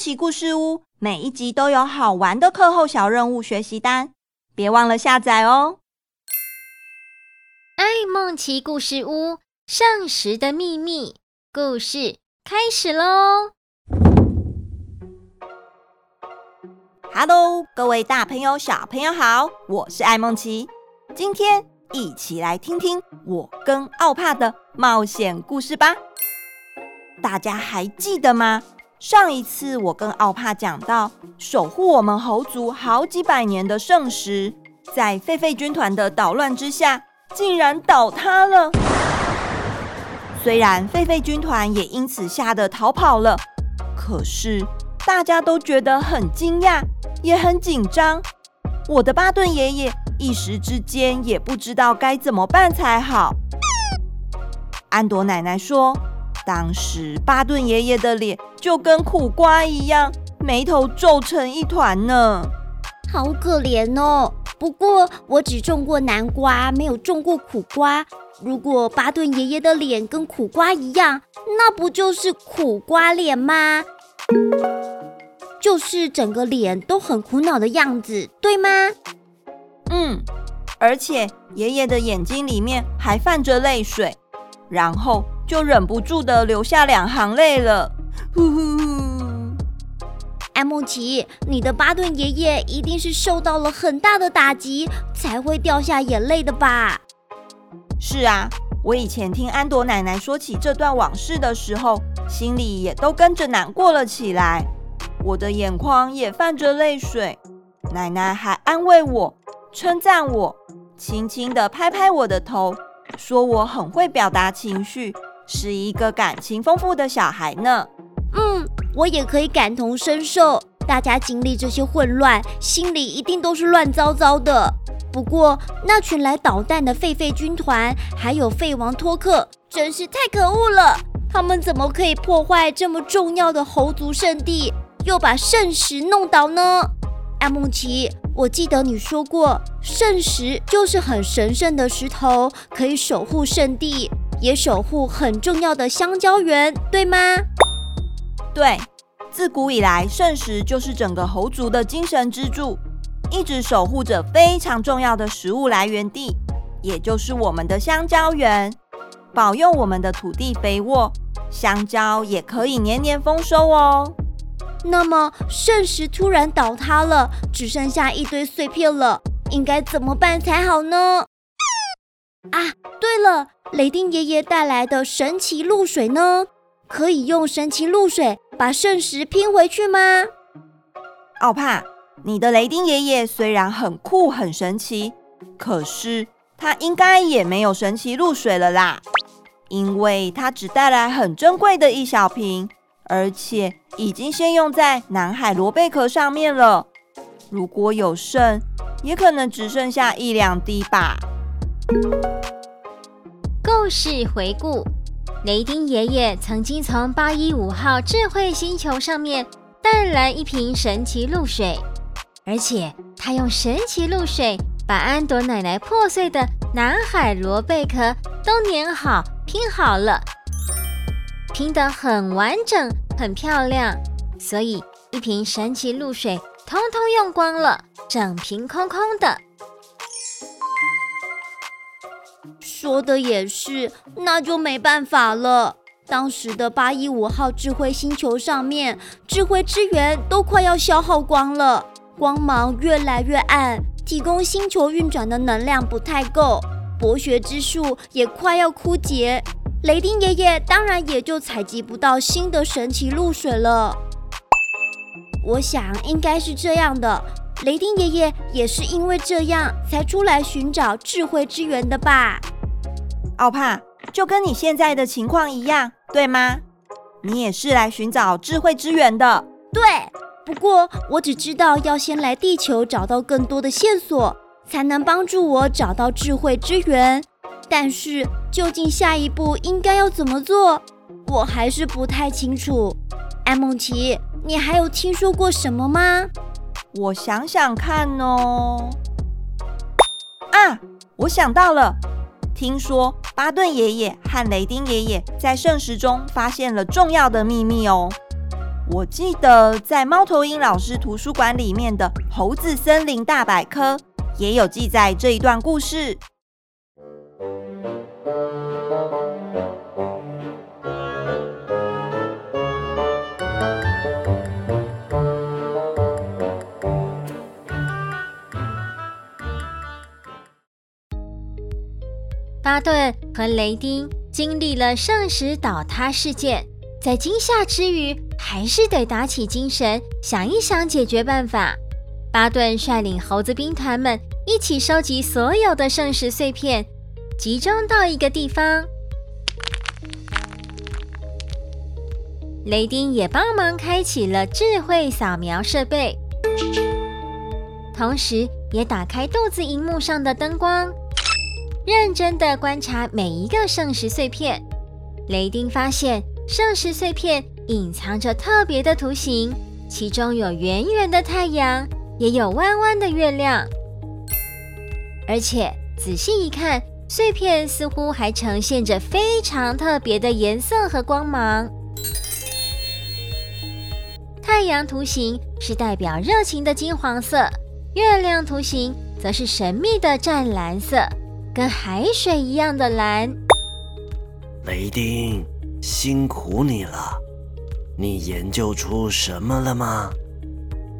奇故事屋每一集都有好玩的課後小任務學習單，別忘了下載哦！愛孟奇故事屋《聖石的秘密》故事開始嘍！Hello，各位大朋友小朋友好，我是愛孟奇，今天一起來聽聽我跟奧帕的冒險故事吧！大家還記得嗎？上一次我跟奧帕講到，守護我們猴族好幾百年的聖石，在狒狒軍團的搗亂之下，竟然倒塌了。雖然狒狒軍團也因此嚇得逃跑了，可是大家都覺得很驚訝，也很緊張。我的巴頓爺爺一時之間也不知道該怎麼辦才好。安朵奶奶說。當時巴頓爺爺的臉就跟苦瓜一樣，眉頭皺成一團呢，好可憐哦。不過我只種過南瓜，沒有種過苦瓜。如果巴頓爺爺的臉跟苦瓜一樣，那不就是苦瓜臉嗎？就是整個臉都很苦惱的樣子，對嗎？嗯，而且爺爺的眼睛裡面還泛着淚水，然後。就忍不住的流下兩行淚了。呼呼呼。愛孟奇，你的巴頓爺爺一定是受到了很大的打擊，才會掉下眼淚的吧？是啊，我以前聽安朵奶奶說起這段往事的時候，心裡也都跟着難過了起來。我的眼眶也泛着淚水。奶奶還安慰我，稱讚我，輕輕的拍拍我的頭，說我很會表達情緒。是一個感情豐富的小孩呢。嗯，我也可以感同身受。大家經歷這些混亂，心裡一定都是亂糟糟的。不過，那群來搗蛋的狒狒軍團，還有廢王托克，真是太可惡了！他們怎麼可以破壞這麼重要的猴族聖地，又把聖石弄倒呢？愛孟奇，我記得你說過，聖石就是很神聖的石頭，可以守護聖地。也守護很重要的香蕉園，對嗎？對，自古以來，聖石就是整個猴族的精神支柱，一直守護着非常重要的食物來源地，也就是我們的香蕉園。保佑我們的土地肥沃，香蕉也可以年年豐收哦。那麼，聖石突然倒塌了，只剩下一堆碎片了，應該怎麼辦才好呢？啊，對了，雷丁爺爺帶來的神奇露水呢？可以用神奇露水把聖石拼回去嗎？奧帕，你的雷丁爺爺雖然很酷很神奇，可是他應該也沒有神奇露水了啦，因為他只帶來很珍貴的一小瓶，而且已經先用在南海螺貝殼上面了。如果有剩，也可能只剩下一兩滴吧。故事回顧：雷丁爺爺曾經從八一五號智慧星球上面帶來一瓶神奇露水，而且他用神奇露水把安朵奶奶破碎的南海螺貝殼都粘好，拼好了，拼得很完整，很漂亮。所以一瓶神奇露水通通用光了，整瓶空空的。說的也是，那就沒辦法了。當時的八一五號智慧星球上面，智慧之源都快要消耗光了，光芒越來越暗，提供星球運轉的能量不太夠，博學之樹也快要枯竭。雷丁爺爺當然也就採集不到新的神奇露水了。我想應該是這樣的，雷丁爺爺也是因為這樣才出來尋找智慧之源的吧。奧帕，就跟你現在的情況一樣，對嗎？你也是來尋找智慧之源的。對，不過我只知道要先來地球找到更多的線索，才能幫助我找到智慧之源。但是究竟下一步應該要怎麼做，我還是不太清楚。愛孟奇，你還有聽說過什麼嗎？我想想看哦。啊，我想到了。聽說巴頓爺爺和雷丁爺爺在聖石中發現了重要的秘密哦！我記得在貓頭鷹老師圖書館裡面的《猴子森林大百科》也有記載這一段故事。巴頓和雷丁經歷了聖石倒塌事件，在驚嚇之餘，還是得打起精神，想一想解決辦法。巴頓率領猴子兵團們一起收集所有的聖石碎片，集中到一個地方。雷丁也幫忙開啟了智慧掃描設備，同時也打開肚子熒幕上的燈光。認真地觀察每一個聖石碎片，雷丁發現聖石碎片隱藏着特別的圖形，其中有圓圓的太陽，也有彎彎的月亮。而且仔細一看，碎片似乎還呈現着非常特別的顏色和光芒。太陽圖形是代表熱情的金黃色，月亮圖形則是神秘的湛藍色。跟海水一樣的藍，雷丁，辛苦你了。你研究出什麼了嗎？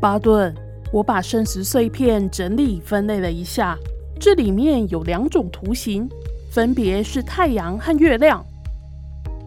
巴頓，我把聖石碎片整理分類了一下，這裡面有兩種圖形，分別是太陽和月亮。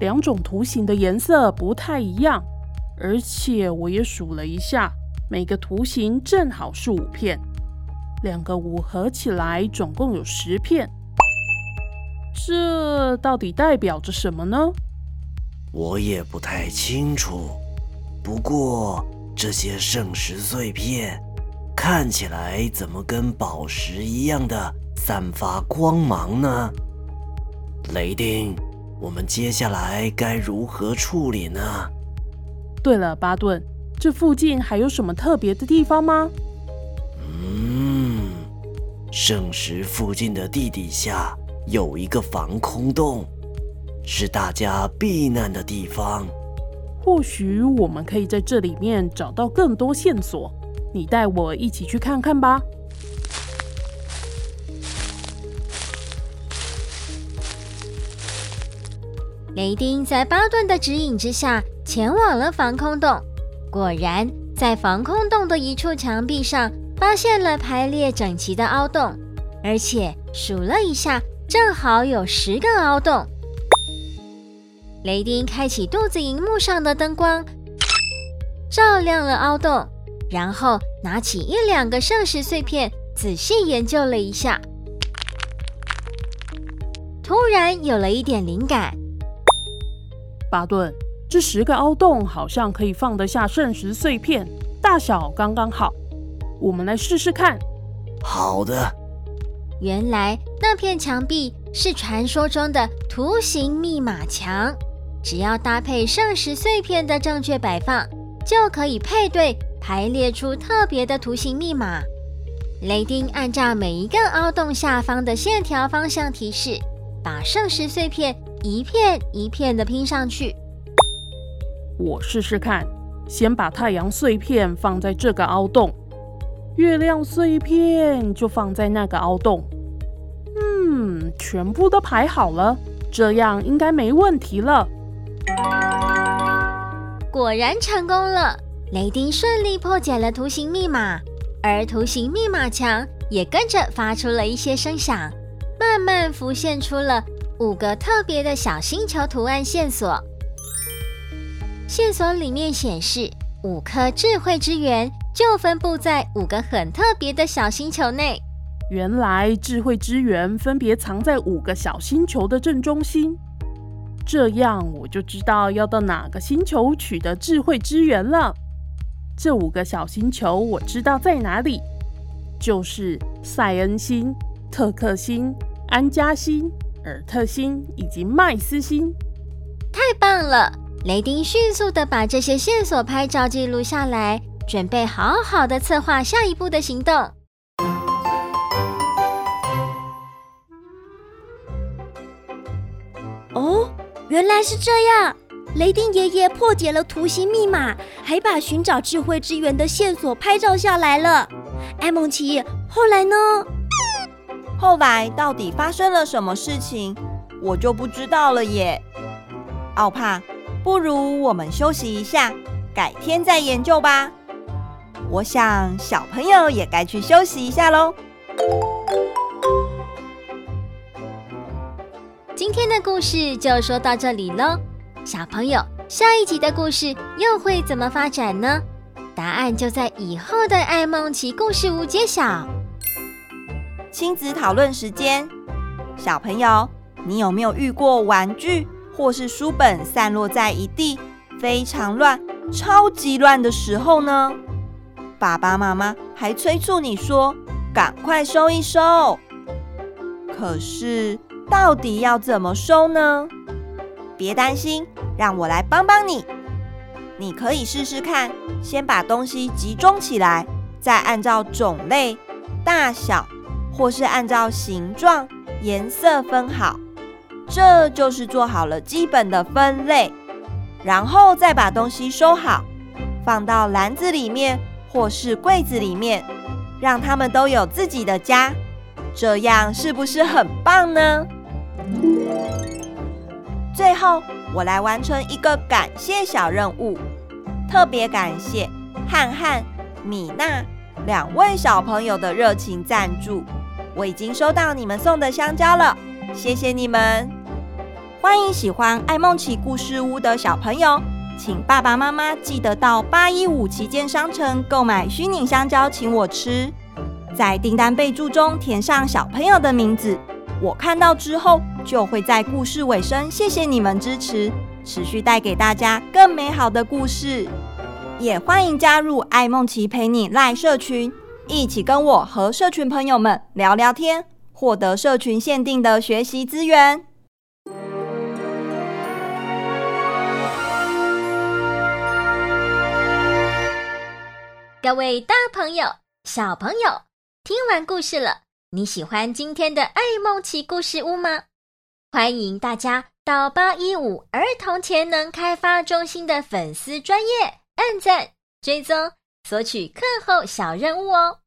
兩種圖形的顏色不太一樣，而且我也數了一下，每個圖形正好是五片，兩個五合起來總共有十片。這到底代表着什麼呢？我也不太清楚。不過這些聖石碎片，看起來怎麼跟寶石一樣的散發光芒呢？雷丁，我們接下來該如何處理呢？對了，巴頓，這附近還有什麼特別的地方嗎？嗯，聖石附近的地底下。有一個防空洞，是大家避難的地方。或許我們可以在這裡面找到更多線索。你帶我一起去看看吧。雷丁在巴頓的指引之下前往了防空洞，果然在防空洞的一處牆壁上發現了排列整齊的凹洞，而且數了一下。正好有十個凹洞，雷丁開啟肚子熒幕上的燈光，照亮了凹洞，然後拿起一兩個聖石碎片，仔細研究了一下，突然有了一點靈感。巴頓，這十個凹洞好像可以放得下聖石碎片，大小剛剛好，我們來試試看。好的。原來。那片牆壁是傳說中的圖形密碼牆，只要搭配聖石碎片的正確擺放，就可以配對排列出特別的圖形密碼。雷丁按照每一個凹洞下方的線條方向提示，把聖石碎片一片一片的拼上去。我試試看，先把太陽碎片放在這個凹洞，月亮碎片就放在那個凹洞。全部都排好了，這樣應該沒問題了。果然成功了，雷丁順利破解了圖形密碼，而圖形密碼牆也跟着發出了一些聲響，慢慢浮現出了五個特別的小星球圖案線索。線索裡面顯示，五顆智慧之源就分布在五個很特別的小星球內。原來智慧之源分別藏在五個小星球的正中心，這樣我就知道要到哪個星球取得智慧之源了。這五個小星球我知道在哪裡，就是塞恩星、特克星、安加星、爾特星以及麥斯星。太棒了！雷丁迅速地把這些線索拍照記錄下來，準備好好的策劃下一步的行動。哦，原來是這樣。雷丁爺爺破解了圖形密碼，還把尋找智慧之源的線索拍照下來了。愛孟奇，後來呢？後來到底發生了什麼事情，我就不知道了耶。奧帕，不如我們休息一下，改天再研究吧。我想小朋友也該去休息一下嘍。今天的故事就說到這裡嘍，小朋友，下一集的故事又會怎麼發展呢？答案就在以後的《愛孟奇故事屋》揭曉。親子討論時間，小朋友，你有沒有遇過玩具或是書本散落在一地，非常亂、超級亂的時候呢？爸爸媽媽還催促你說：“趕快收一收。”可是。到底要怎麼收呢？別擔心，讓我來幫幫你。你可以試試看，先把東西集中起來，再按照種類、大小，或是按照形狀、顏色分好。這就是做好了基本的分類，然後再把東西收好，放到籃子裡面或是櫃子裡面，讓他們都有自己的家。這樣是不是很棒呢？最後，我來完成一個感謝小任務。特別感謝漢漢、米娜兩位小朋友的熱情贊助，我已經收到你們送的香蕉了，謝謝你們！歡迎喜歡愛孟奇故事屋的小朋友，請爸爸媽媽記得到八一五旗艦商城購買虛擬香蕉請我吃，在訂單備註中填上小朋友的名字。我看到之後，就會在故事尾聲謝謝你們支持，持續帶給大家更美好的故事。也歡迎加入愛孟奇陪你 Line 社群，一起跟我和社群朋友們聊聊天，獲得社群限定的學習資源。各位大朋友、小朋友，聽完故事了。你喜歡今天的《愛孟奇故事屋》嗎？歡迎大家到八一五兒童潛能開發中心的粉絲專頁按贊、追蹤、索取課後小任務哦！